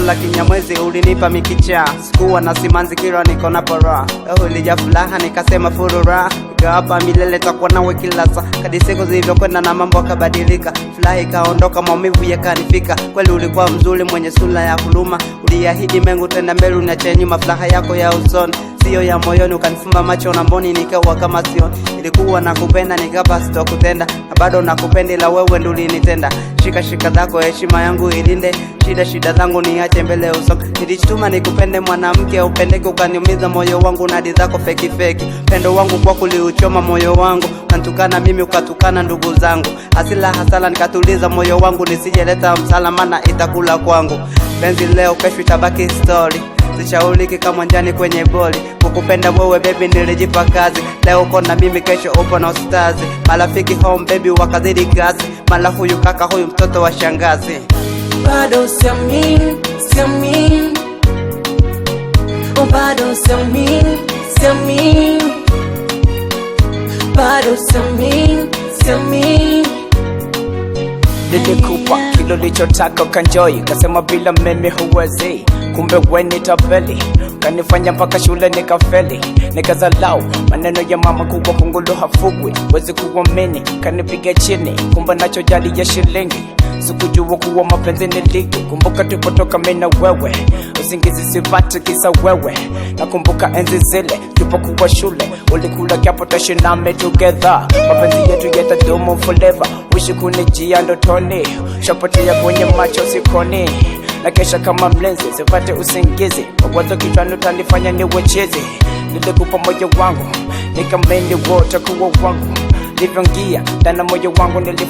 la Kinyamwezi ulinipa mikicha, sikuwa na simanzi kila niko na para ulija furaha nikasema furura hapa milele takuwa nawe kila saa. Kadi siku zilivyokwenda na mambo akabadilika, furaha ikaondoka, maumivu yakanifika. Kweli ulikuwa mzuri, mwenye sula ya huruma, uliahidi mengu tenda mbele, unache nyuma furaha yako ya usoni sio ya moyoni, ukanifumba macho na mboni nikawa kama sio. Ilikuwa nakupenda nikapa kutenda, na bado nakupenda ila wewe ndo ulinitenda. Shika shika zako heshima yangu ilinde, shida shida zangu niache mbele uso. Nilijituma nikupende mwanamke, upendeke ukaniumiza moyo wangu, na nadi zako feki feki. Pendo wangu kwa kuliuchoma moyo wangu, kantukana mimi ukatukana ndugu zangu, hasila hasala nikatuliza moyo wangu, nisijeleta msalama na itakula kwangu. Penzi leo kesho itabaki story. Sishauliki kama njani kwenye boli, kukupenda wewe baby nilijipa kazi. Leo uko na mimi, kesho upo na ustazi. Marafiki home baby wakazidi gazi mala huyu kaka huyu mtoto wa shangazi. Bado siamini, siamini, bado siamini, siamini, bado siamini, siamini, nilikupa kilo lichotaka ukanjoi, kasema bila mimi huwezi, kumbe weni tapeli kanifanya mpaka shule nikafeli, nikazalau maneno ya mama kubwa, kungulu hafugwi, wezi kuamini, kanipiga chini, kumba nacho jali ya shilingi Sikujua kuwa mapenzi ni ligi. Kumbuka tupotoka mimi na wewe, usingizi sipati kisa wewe. Nakumbuka enzi zile tupo tulipokuwa shule, ulikula kiapo tushindane together. Mapenzi yetu yatadumu forever. Wishi kunijia ndotoni, shapati ya kwenye macho sikoni na kesha kama mlenze sipate usingizi, mawazo kichwani utanifanya niwecheze. Nilikupa moyo wangu nikamende wote kuwa wangu, livyongia ndana moyo wangu nili